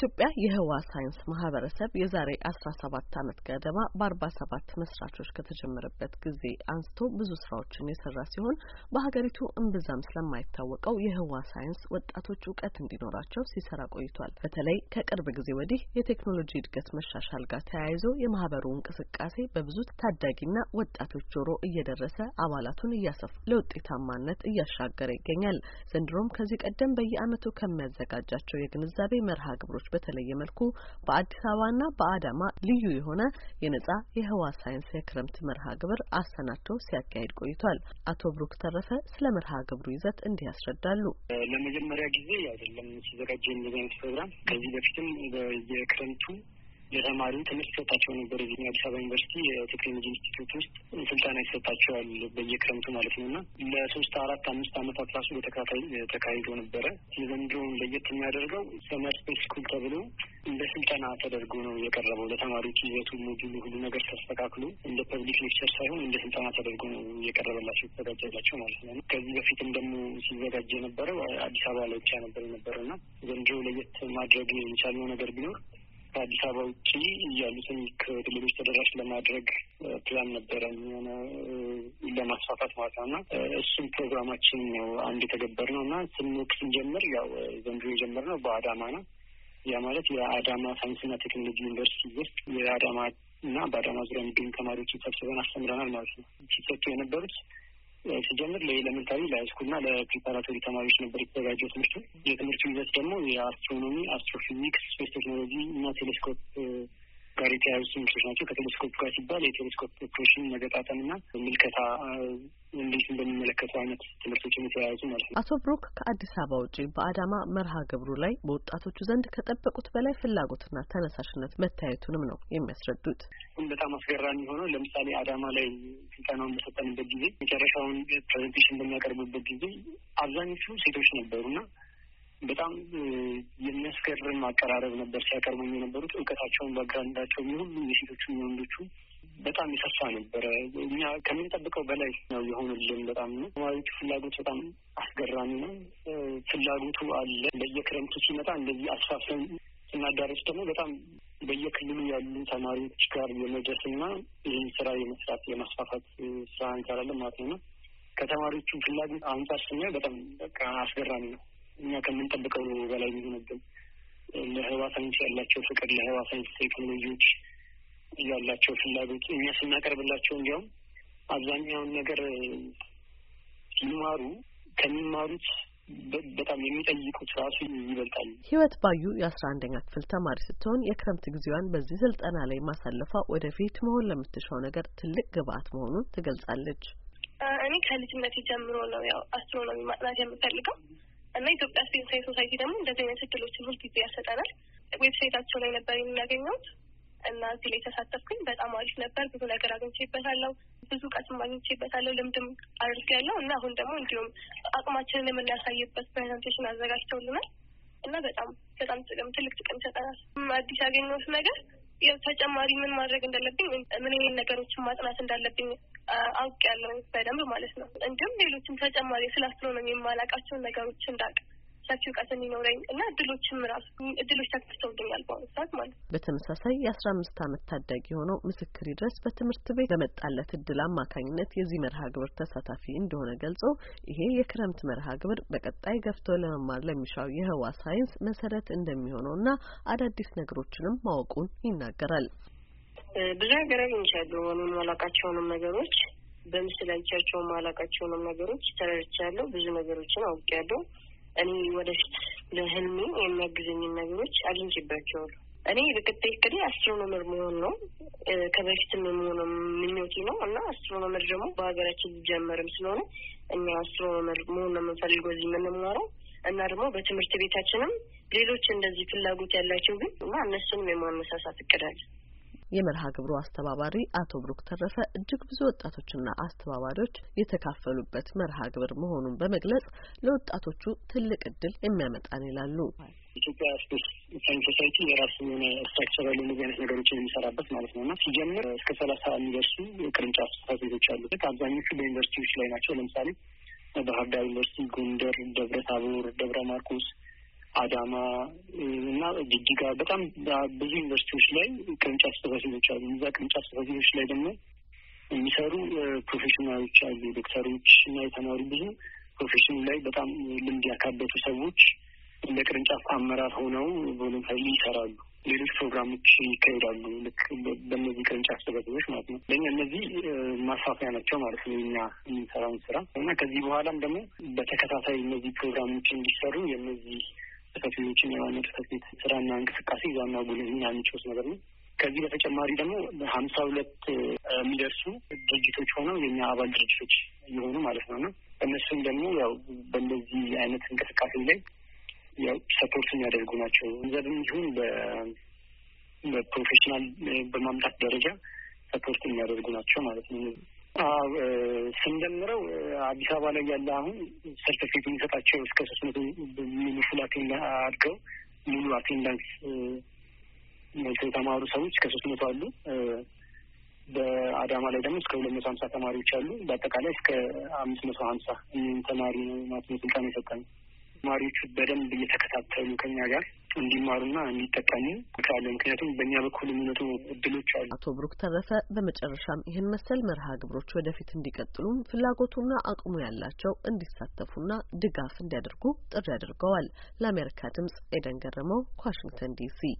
የኢትዮጵያ የህዋ ሳይንስ ማህበረሰብ የዛሬ አስራ ሰባት ዓመት ገደማ በአርባ ሰባት መስራቾች ከተጀመረበት ጊዜ አንስቶ ብዙ ስራዎችን የሰራ ሲሆን በሀገሪቱ እምብዛም ስለማይታወቀው የህዋ ሳይንስ ወጣቶች እውቀት እንዲኖራቸው ሲሰራ ቆይቷል። በተለይ ከቅርብ ጊዜ ወዲህ የቴክኖሎጂ እድገት መሻሻል ጋር ተያይዞ የማህበሩ እንቅስቃሴ በብዙ ታዳጊና ወጣቶች ጆሮ እየደረሰ አባላቱን እያሰፉ ለውጤታማነት እያሻገረ ይገኛል። ዘንድሮም ከዚህ ቀደም በየአመቱ ከሚያዘጋጃቸው የግንዛቤ መርሃ ግብሮች በተለየ መልኩ በአዲስ አበባና በአዳማ ልዩ የሆነ የነጻ የህዋ ሳይንስ የክረምት መርሃ ግብር አሰናድቶ ሲያካሂድ ቆይቷል። አቶ ብሩክ ተረፈ ስለ መርሃ ግብሩ ይዘት እንዲህ ያስረዳሉ። ለመጀመሪያ ጊዜ አይደለም ሲዘጋጀ እንደዚህ ፕሮግራም ከዚህ በፊትም የክረምቱ የተማሪ ትምህርት ይሰጣቸው ነበር። እዚህ አዲስ አበባ ዩኒቨርሲቲ የቴክኖሎጂ ኢንስቲትዩት ውስጥ ስልጠና ይሰጣቸዋል በየክረምቱ ማለት ነው እና ለሶስት አራት አምስት አመታት ራሱ በተከታታይ ተካሂዶ ነበረ። የዘንድሮውን ለየት የሚያደርገው ሰመር ስፔስ ስኩል ተብሎ እንደ ስልጠና ተደርጎ ነው የቀረበው ለተማሪዎች። ይዘቱ ሞጁሉ፣ ሁሉ ነገር ተስተካክሎ እንደ ፐብሊክ ሌክቸር ሳይሆን እንደ ስልጠና ተደርጎ ነው የቀረበላቸው የተዘጋጀላቸው ማለት ነው። ከዚህ በፊትም ደግሞ ሲዘጋጅ የነበረው አዲስ አበባ ላይ ብቻ ነበር የነበረው እና ዘንድሮ ለየት ማድረግ የቻልነው ነገር ቢኖር ከአዲስ አበባ ውጭ ያሉትን ክልሎች ተደራሽ ለማድረግ ፕላን ነበረን የሆነ ለማስፋፋት ማለት ነው እና እሱም ፕሮግራማችን ነው አንድ የተገበር ነው እና ስንወቅ ስንጀምር ያው ዘንድሮ የጀመርነው በአዳማ ነው። ያ ማለት የአዳማ ሳይንስና ቴክኖሎጂ ዩኒቨርሲቲ ውስጥ የአዳማ እና በአዳማ ዙሪያ የሚገኙ ተማሪዎችን ሰብስበን አስተምረናል ማለት ነው። ሲሰጡ የነበሩት ሲጀምር ለኤሌመንታሪ ለሃይስኩልና ለፕሪፓራቶሪ ተማሪዎች ነበር የተዘጋጀው ትምህርቱ። የትምህርቱ ይዘት ደግሞ የአስትሮኖሚ፣ አስትሮፊዚክስ፣ ስፔስ ቴክኖሎጂ እና ቴሌስኮፕ ጋር የተያያዙ ትምህርቶች ናቸው። ከቴሌስኮፕ ጋር ሲባል የቴሌስኮፕ መገጣጠም መገጣጠምና ምልከታ እንዴት እንደሚመለከቱ አይነት ትምህርቶችን የተያያዙ ማለት ነው። አቶ ብሩክ ከአዲስ አበባ ውጪ በአዳማ መርሃ ግብሩ ላይ በወጣቶቹ ዘንድ ከጠበቁት በላይ ፍላጎትና ተነሳሽነት መታየቱንም ነው የሚያስረዱት። በጣም አስገራሚ የሆነው ለምሳሌ አዳማ ላይ ስልጠናውን በሰጠንበት ጊዜ መጨረሻውን ፕሬዘንቴሽን በሚያቀርቡበት ጊዜ አብዛኞቹ ሴቶች ነበሩና በጣም የሚያስገርም አቀራረብ ነበር ሲያቀርቡም የነበሩት። እውቀታቸውን ባግራንዳቸው የሚሆን የሴቶቹ የወንዶቹ በጣም የሰፋ ነበረ። እኛ ከምንጠብቀው በላይ ነው የሆኑልን። በጣም ነው ተማሪዎቹ ፍላጎት በጣም አስገራሚ ነው። ፍላጎቱ አለ። በየክረምቱ ሲመጣ እንደዚህ አስፋፍተን ስናዳረስ ደግሞ በጣም በየክልሉ ያሉ ተማሪዎች ጋር የመድረስና ይህን ስራ የመስራት የማስፋፋት ስራ እንሰራለን ማለት ነው። ከተማሪዎቹ ፍላጎት አንጻር ስናየው በጣም በቃ አስገራሚ ነው። እኛ ከምንጠብቀው በላይ የሚሆንብን ለህዋ ሳይንስ ያላቸው ፍቅር ለህዋ ሳይንስ ቴክኖሎጂዎች ያላቸው ፍላጎት እኛ ስናቀርብላቸው እንዲያውም አብዛኛውን ነገር ሲማሩ ከሚማሩት በጣም የሚጠይቁት ራሱ ይበልጣል። ህይወት ባዩ የአስራ አንደኛ ክፍል ተማሪ ስትሆን የክረምት ጊዜዋን በዚህ ስልጠና ላይ ማሳለፏ ወደፊት መሆን ለምትሻው ነገር ትልቅ ግብአት መሆኑን ትገልጻለች። እኔ ከልጅነት ጀምሮ ነው ያው አስትሮኖሚ ማጥናት የምፈልገው እና ኢትዮጵያ ሲቪል ሶሳይቲ ደግሞ እንደዚህ አይነት እድሎችን ሁል ጊዜ ያሰጠናል። ዌብሳይታቸው ላይ ነበር የምናገኘውት እና እዚህ ላይ ተሳተፍኩኝ። በጣም አሪፍ ነበር። ብዙ ነገር አግኝቼበታለሁ። ብዙ እውቀትም አግኝቼበታለሁ። ልምድም አድርጌያለሁ እና አሁን ደግሞ እንዲሁም አቅማችንን የምናሳይበት ፕሬዘንቴሽን አዘጋጅተውልናል እና በጣም በጣም ጥቅም ትልቅ ጥቅም ይሰጠናል። አዲስ ያገኘሁት ነገር ተጨማሪ ምን ማድረግ እንዳለብኝ ምን አይነት ነገሮችን ማጥናት እንዳለብኝ አውቅ ያለው በደንብ ማለት ነው። እንዲሁም ሌሎችም ተጨማሪ ስለ አስትሮኖሚ የማላቃቸውን ነገሮች እንዳቅ ሰፊ እውቀት እንዲኖረኝ እና እድሎችም ራሱ እድሎች ተከፍተውልኛል በአሁኑ ሰዓት ማለት ነው። በተመሳሳይ የአስራ አምስት አመት ታዳጊ የሆነው ምስክር ድረስ በትምህርት ቤት በመጣለት እድል አማካኝነት የዚህ መርሃ ግብር ተሳታፊ እንደሆነ ገልጾ ይሄ የክረምት መርሃ ግብር በቀጣይ ገፍቶ ለመማር ለሚሻው የህዋ ሳይንስ መሰረት እንደሚሆነው እንደሚሆነውና አዳዲስ ነገሮችንም ማወቁን ይናገራል። ብዙ ሀገር አግኝቻለሁ። እኔም አላቃቸውንም ነገሮች በምስል አይቻቸውም አላቃቸውንም ነገሮች ተረድቻለሁ። ብዙ ነገሮችን አውቄያለሁ። እኔ ወደፊት ለህልሜ የሚያግዘኝን ነገሮች አግኝቼባቸዋለሁ። እኔ በቀጣይ እቅዴ አስትሮኖመር መሆን ነው። ከበፊትም የመሆነ ምኞቴ ነው እና አስትሮኖመር ደግሞ በሀገራችን ሊጀመርም ስለሆነ እኛ አስትሮኖመር መሆን ነው የምንፈልገው እዚህ የምንማረው እና ደግሞ በትምህርት ቤታችንም ሌሎች እንደዚህ ፍላጎት ያላቸው ግን እና እነሱንም የማነሳሳት እቅዳለን። የመርሃ ግብሩ አስተባባሪ አቶ ብሩክ ተረፈ እጅግ ብዙ ወጣቶችና አስተባባሪዎች የተካፈሉበት መርሃ ግብር መሆኑን በመግለጽ ለወጣቶቹ ትልቅ እድል የሚያመጣን ይላሉ። ኢትዮጵያ ስፖርት ሳይንስ ሶሳይቲ የራሱ የሆነ ስትራክቸራል እነዚህ አይነት ነገሮችን የሚሰራበት ማለት ነው እና ሲጀምር እስከ ሰላሳ የሚደርሱ ቅርንጫፍ ጽሕፈት ቤቶች አሉበት። አብዛኞቹ በዩኒቨርሲቲዎች ላይ ናቸው። ለምሳሌ ባህር ዳር ዩኒቨርሲቲ፣ ጎንደር፣ ደብረ ታቦር፣ ደብረ ማርቆስ አዳማ እና ጅጅጋ በጣም ብዙ ዩኒቨርሲቲዎች ላይ ቅርንጫፍ ጽሕፈት ቤቶች አሉ። እዛ ቅርንጫፍ ጽሕፈት ቤቶች ላይ ደግሞ የሚሰሩ ፕሮፌሽናሎች አሉ። ዶክተሮች እና የተማሩ ብዙ ፕሮፌሽን ላይ በጣም ልምድ ያካበቱ ሰዎች እንደ ቅርንጫፍ አመራር ሆነው ቮለንተሪ ይሰራሉ። ሌሎች ፕሮግራሞች ይካሄዳሉ። ልክ በእነዚህ ቅርንጫፍ ጽሕፈት ቤቶች ማለት ነው። ለእኛ እነዚህ ማስፋፊያ ናቸው ማለት ነው እኛ የምንሰራውን ስራ እና ከዚህ በኋላም ደግሞ በተከታታይ እነዚህ ፕሮግራሞች እንዲሰሩ የነዚህ ተሳታፊዎችን የማግኘት ጽህፈት ቤት ስራና እንቅስቃሴ ዋና ጉልህ ሚና የሚጫወት ነገር ነው። ከዚህ በተጨማሪ ደግሞ ሀምሳ ሁለት የሚደርሱ ድርጅቶች ሆነው የኛ አባል ድርጅቶች የሆኑ ማለት ነው እና እነሱም ደግሞ ያው በእንደዚህ አይነት እንቅስቃሴ ላይ ያው ሰፖርት የሚያደርጉ ናቸው። ገንዘብም ይሁን በፕሮፌሽናል በማምጣት ደረጃ ሰፖርት የሚያደርጉ ናቸው ማለት ነው። ስንጀምረው አዲስ አበባ ላይ ያለ አሁን ሰርተፊኬት የሚሰጣቸው እስከ ሶስት መቶ ሙሉ ፉል አቴንዳንስ አድገው ሙሉ አቴንዳንስ የተማሩ ሰዎች እስከ ሶስት መቶ አሉ። በአዳማ ላይ ደግሞ እስከ ሁለት መቶ ሀምሳ ተማሪዎች አሉ። በአጠቃላይ እስከ አምስት መቶ ሀምሳ ተማሪ ነው የሰጠ ነው ተማሪዎቹ በደንብ እየተከታተሉ ከኛ ጋር እንዲማሩና እንዲጠቀሙ ካለ ምክንያቱም በእኛ በኩል የሚመጡ እድሎች አሉ። አቶ ብሩክ ተረፈ በመጨረሻም ይህን መሰል መርሃ ግብሮች ወደፊት እንዲቀጥሉም ፍላጎቱና አቅሙ ያላቸው እንዲሳተፉና ድጋፍ እንዲያደርጉ ጥሪ አድርገዋል። ለአሜሪካ ድምጽ ኤደን ገረመው ከዋሽንግተን ዲሲ